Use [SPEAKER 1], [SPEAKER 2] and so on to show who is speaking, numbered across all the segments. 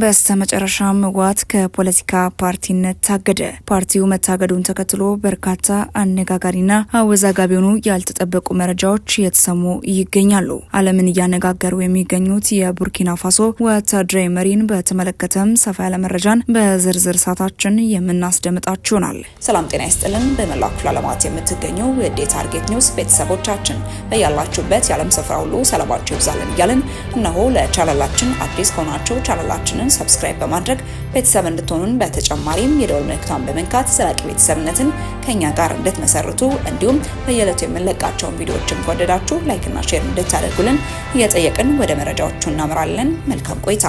[SPEAKER 1] በስተ መጨረሻም ህወሓት ከፖለቲካ ፓርቲነት ታገደ። ፓርቲው መታገዱን ተከትሎ በርካታ አነጋጋሪና አወዛጋቢ የሆኑ ያልተጠበቁ መረጃዎች የተሰሙ ይገኛሉ። ዓለምን እያነጋገሩ የሚገኙት የቡርኪና ፋሶ ወታደራዊ መሪን በተመለከተም ሰፋ ያለ መረጃን በዝርዝር ሰዓታችን የምናስደምጣችሁ ይሆናል።
[SPEAKER 2] ሰላም ጤና ይስጥልን። በመላ ክፍለ ዓለማት የምትገኙ የዴ ታርጌት ኒውስ ቤተሰቦቻችን በያላችሁበት የዓለም ስፍራ ሁሉ ሰላማችሁ ይብዛልን እያልን እነሆ ለቻናላችን አዲስ ከሆናችሁ ቻናላችን ቻናላችንን ሰብስክራይብ በማድረግ ቤተሰብ እንድትሆኑን በተጨማሪም የደወል ምልክቷን በመንካት ዘላቂ ቤተሰብነትን ከኛ ጋር እንድትመሰርቱ እንዲሁም በየዕለቱ የምንለቃቸውን ቪዲዮዎችን ከወደዳችሁ ላይክና ሼር እንድታደርጉልን እየጠየቅን ወደ መረጃዎቹ እናምራለን። መልካም ቆይታ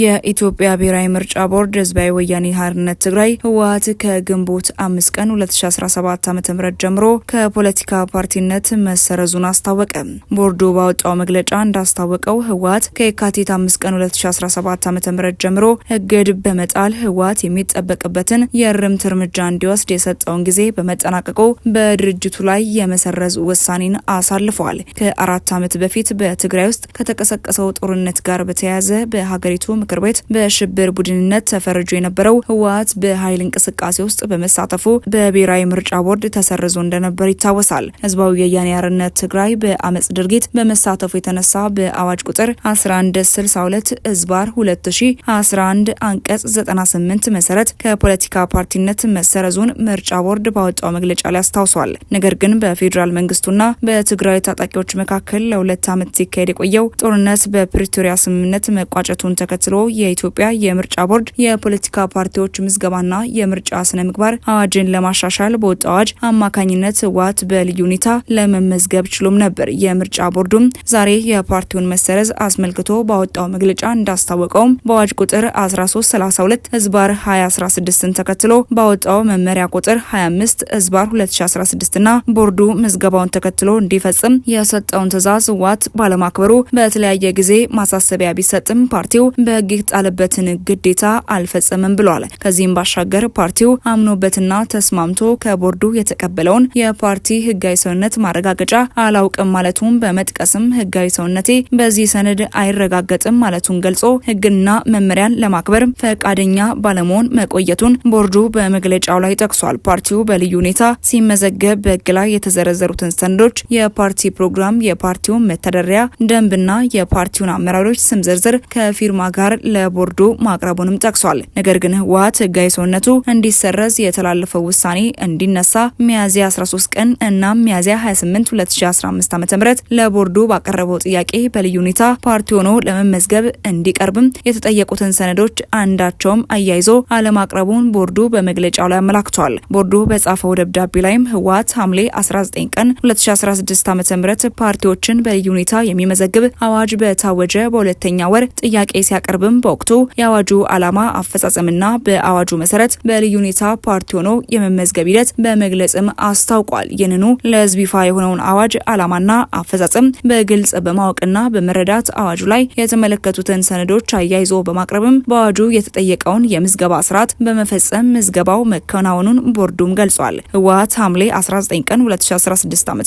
[SPEAKER 1] የኢትዮጵያ ብሔራዊ ምርጫ ቦርድ ህዝባዊ ወያኔ ሀርነት ትግራይ ህወሀት ከግንቦት አምስት ቀን 2017 ዓ ም ጀምሮ ከፖለቲካ ፓርቲነት መሰረዙን አስታወቀ። ቦርዱ ባወጣው መግለጫ እንዳስታወቀው ህወሀት ከየካቲት አምስት ቀን 2017 ዓ ም ጀምሮ እግድ በመጣል ህወሀት የሚጠበቅበትን የእርምት እርምጃ እንዲወስድ የሰጠውን ጊዜ በመጠናቀቁ በድርጅቱ ላይ የመሰረዝ ውሳኔን አሳልፏል። ከአራት ዓመት በፊት በትግራይ ውስጥ ከተቀሰቀሰው ጦርነት ጋር በተያያዘ በሀገሪቱ ምክር ቤት በሽብር ቡድንነት ተፈርጆ የነበረው ህወሀት በኃይል እንቅስቃሴ ውስጥ በመሳተፉ በብሔራዊ ምርጫ ቦርድ ተሰርዞ እንደነበር ይታወሳል። ህዝባዊ ወያኔ ሓርነት ትግራይ በአመፅ ድርጊት በመሳተፉ የተነሳ በአዋጅ ቁጥር 1162 ህዝባር 2011 አንቀጽ 98 መሰረት ከፖለቲካ ፓርቲነት መሰረዙን ምርጫ ቦርድ ባወጣው መግለጫ ላይ አስታውሷል። ነገር ግን በፌዴራል መንግስቱና በትግራይ ታጣቂዎች መካከል ለሁለት ዓመት ሲካሄድ የቆየው ጦርነት በፕሪቶሪያ ስምምነት መቋጨቱን ተከትሎ ተከትሎ የኢትዮጵያ የምርጫ ቦርድ የፖለቲካ ፓርቲዎች ምዝገባና የምርጫ ስነ ምግባር አዋጅን ለማሻሻል በወጣ አዋጅ አማካኝነት ህወሓት በልዩ ሁኔታ ለመመዝገብ ችሎም ነበር። የምርጫ ቦርዱም ዛሬ የፓርቲውን መሰረዝ አስመልክቶ ባወጣው መግለጫ እንዳስታወቀውም በአዋጅ ቁጥር 1332 ህዝባር 2016ን ተከትሎ ባወጣው መመሪያ ቁጥር 25 ህዝባር 2016 እና ቦርዱ ምዝገባውን ተከትሎ እንዲፈጽም የሰጠውን ትዕዛዝ ህወሓት ባለማክበሩ በተለያየ ጊዜ ማሳሰቢያ ቢሰጥም ፓርቲው በ ህግ የተጣለበትን ግዴታ አልፈጸምም ብሏል። ከዚህም ባሻገር ፓርቲው አምኖበትና ተስማምቶ ከቦርዱ የተቀበለውን የፓርቲ ህጋዊ ሰውነት ማረጋገጫ አላውቅም ማለቱን በመጥቀስም ህጋዊ ሰውነቴ በዚህ ሰነድ አይረጋገጥም ማለቱን ገልጾ ህግና መመሪያን ለማክበር ፈቃደኛ ባለመሆን መቆየቱን ቦርዱ በመግለጫው ላይ ጠቅሷል። ፓርቲው በልዩ ሁኔታ ሲመዘገብ በህግ ላይ የተዘረዘሩትን ሰነዶች፣ የፓርቲ ፕሮግራም፣ የፓርቲውን መተዳደሪያ ደንብና የፓርቲውን አመራሮች ስም ዝርዝር ከፊርማ ጋር ጋር ለቦርዱ ማቅረቡንም ጠቅሷል። ነገር ግን ህወሀት ህጋዊ ሰውነቱ እንዲሰረዝ የተላለፈው ውሳኔ እንዲነሳ ሚያዝያ 13 ቀን እና ሚያዝያ 28 2015 .ም ለቦርዱ ባቀረበው ጥያቄ በልዩ ሁኔታ ፓርቲ ሆኖ ለመመዝገብ እንዲቀርብም የተጠየቁትን ሰነዶች አንዳቸውም አያይዞ አለማቅረቡን ቦርዱ በመግለጫው ላይ አመላክቷል። ቦርዱ በጻፈው ደብዳቤ ላይም ህወሀት ሐምሌ 19 ቀን 2016 ም ፓርቲዎችን በልዩ ሁኔታ የሚመዘግብ አዋጅ በታወጀ በሁለተኛ ወር ጥያቄ ሲያቀርብ ቢያቀርብም በወቅቱ የአዋጁ ዓላማ አፈጻጸምና በአዋጁ መሰረት በልዩ ሁኔታ ፓርቲ ሆኖ የመመዝገብ ሂደት በመግለጽም አስታውቋል። ይህንኑ ለህዝብ ይፋ የሆነውን አዋጅ ዓላማና አፈጻጸም በግልጽ በማወቅና በመረዳት አዋጁ ላይ የተመለከቱትን ሰነዶች አያይዞ በማቅረብም በአዋጁ የተጠየቀውን የምዝገባ ስርዓት በመፈጸም ምዝገባው መከናወኑን ቦርዱም ገልጿል። ህወሀት ሐምሌ 19 ቀን 2016 ዓ ም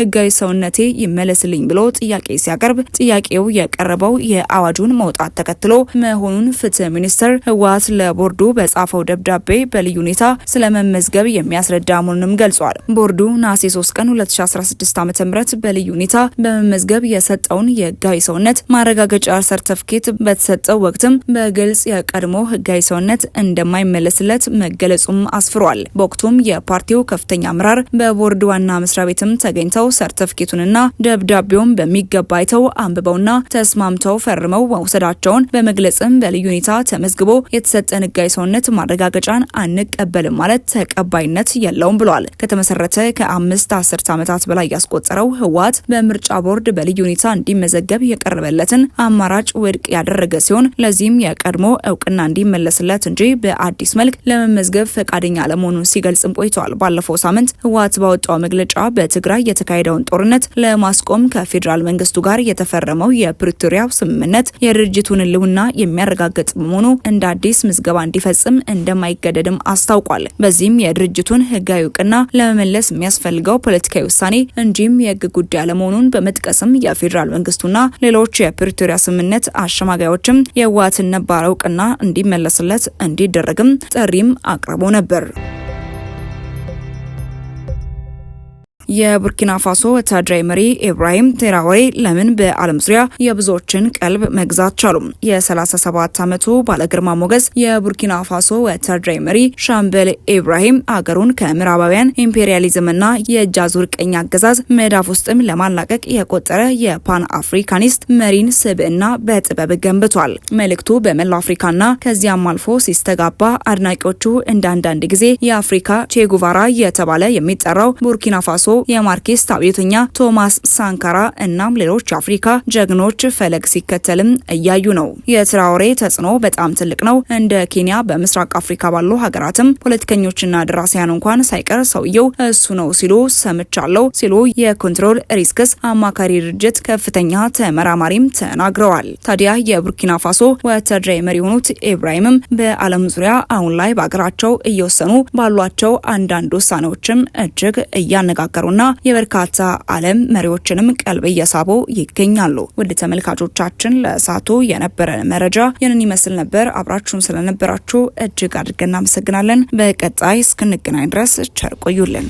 [SPEAKER 1] ህጋዊ ሰውነቴ ይመለስልኝ ብሎ ጥያቄ ሲያቀርብ ጥያቄው የቀረበው የአዋጁን መውጣት ተከትሎ ተከትሎ መሆኑን ፍትህ ሚኒስትር ህወሀት ለቦርዱ በጻፈው ደብዳቤ በልዩ ሁኔታ ስለመመዝገብ የሚያስረዳ መሆኑንም ገልጿል። ቦርዱ ነሐሴ 3 ቀን 2016 ዓ ም በልዩ ሁኔታ በመመዝገብ የሰጠውን የህጋዊ ሰውነት ማረጋገጫ ሰርተፍኬት በተሰጠው ወቅትም በግልጽ የቀድሞ ህጋዊ ሰውነት እንደማይመለስለት መገለጹም አስፍሯል። በወቅቱም የፓርቲው ከፍተኛ አመራር በቦርድ ዋና መስሪያ ቤትም ተገኝተው ሰርተፍኬቱንና ደብዳቤውን በሚገባ አይተው አንብበውና ተስማምተው ፈርመው መውሰዳቸውን በመግለጽም በልዩ ሁኔታ ተመዝግቦ የተሰጠን ሕጋዊ ሰውነት ማረጋገጫን አንቀበልም ማለት ተቀባይነት የለውም ብሏል። ከተመሰረተ ከአምስት አስርት ዓመታት በላይ ያስቆጠረው ህወሓት በምርጫ ቦርድ በልዩ ሁኔታ እንዲመዘገብ የቀረበለትን አማራጭ ውድቅ ያደረገ ሲሆን ለዚህም የቀድሞ እውቅና እንዲመለስለት እንጂ በአዲስ መልክ ለመመዝገብ ፈቃደኛ አለመሆኑን ሲገልጽም ቆይተዋል። ባለፈው ሳምንት ህወሓት ባወጣው መግለጫ በትግራይ የተካሄደውን ጦርነት ለማስቆም ከፌዴራል መንግስቱ ጋር የተፈረመው የፕሪቶሪያ ስምምነት የድርጅቱን ልውን ሕልውና የሚያረጋግጥ በመሆኑ እንደ አዲስ ምዝገባ እንዲፈጽም እንደማይገደድም አስታውቋል። በዚህም የድርጅቱን ህጋዊ እውቅና ለመመለስ የሚያስፈልገው ፖለቲካዊ ውሳኔ እንጂም የህግ ጉዳይ አለመሆኑን በመጥቀስም የፌዴራል መንግስቱና ሌሎች የፕሪቶሪያ ስምምነት አሸማጋዮችም የህወሓትን ነባር እውቅና እንዲመለስለት እንዲደረግም ጥሪም አቅርቦ ነበር። የቡርኪና ፋሶ ወታደራዊ መሪ ኢብራሂም ትራኦሬ ለምን በዓለም ዙሪያ የብዙዎችን ቀልብ መግዛት ቻሉ? የ37 ዓመቱ ባለግርማ ሞገስ የቡርኪና ፋሶ ወታደራዊ መሪ ሻምበል ኢብራሂም አገሩን ከምዕራባውያን ኢምፔሪያሊዝምና የእጅ አዙር ቀኝ አገዛዝ መዳፍ ውስጥም ለማላቀቅ የቆጠረ የፓን አፍሪካኒስት መሪን ስብዕና በጥበብ ገንብቷል። መልእክቱ በመላው አፍሪካና ከዚያም አልፎ ሲስተጋባ አድናቂዎቹ እንደ አንዳንድ ጊዜ የአፍሪካ ቼጉቫራ የተባለ የሚጠራው ቡርኪና ፋሶ የማርኬስ ታቤተኛ ቶማስ ሳንካራ እናም ሌሎች የአፍሪካ ጀግኖች ፈለግ ሲከተልም እያዩ ነው። የትራውሬ ተጽዕኖ በጣም ትልቅ ነው። እንደ ኬንያ በምስራቅ አፍሪካ ባሉ ሀገራትም ፖለቲከኞችና ደራሲያን እንኳን ሳይቀር ሰውየው እሱ ነው ሲሉ ሰምቻለሁ ሲሉ የኮንትሮል ሪስክስ አማካሪ ድርጅት ከፍተኛ ተመራማሪም ተናግረዋል። ታዲያ የቡርኪና ፋሶ ወታደራዊ መሪ የሆኑት ኢብራሂምም በዓለም ዙሪያ አሁን ላይ በሀገራቸው እየወሰኑ ባሏቸው አንዳንድ ውሳኔዎችም እጅግ እያነጋገሩ የፈጠሩና የበርካታ ዓለም መሪዎችንም ቀልብ እየሳቡ ይገኛሉ። ውድ ተመልካቾቻችን ለእሳቱ የነበረ መረጃ ይህንን ይመስል ነበር። አብራችሁን ስለነበራችሁ እጅግ አድርገን እናመሰግናለን። በቀጣይ እስክንገናኝ ድረስ ቸር ቆዩልን።